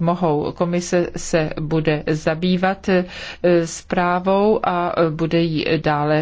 mohou. Komise se bude zabývat eh, zprávou a eh, bude ji dále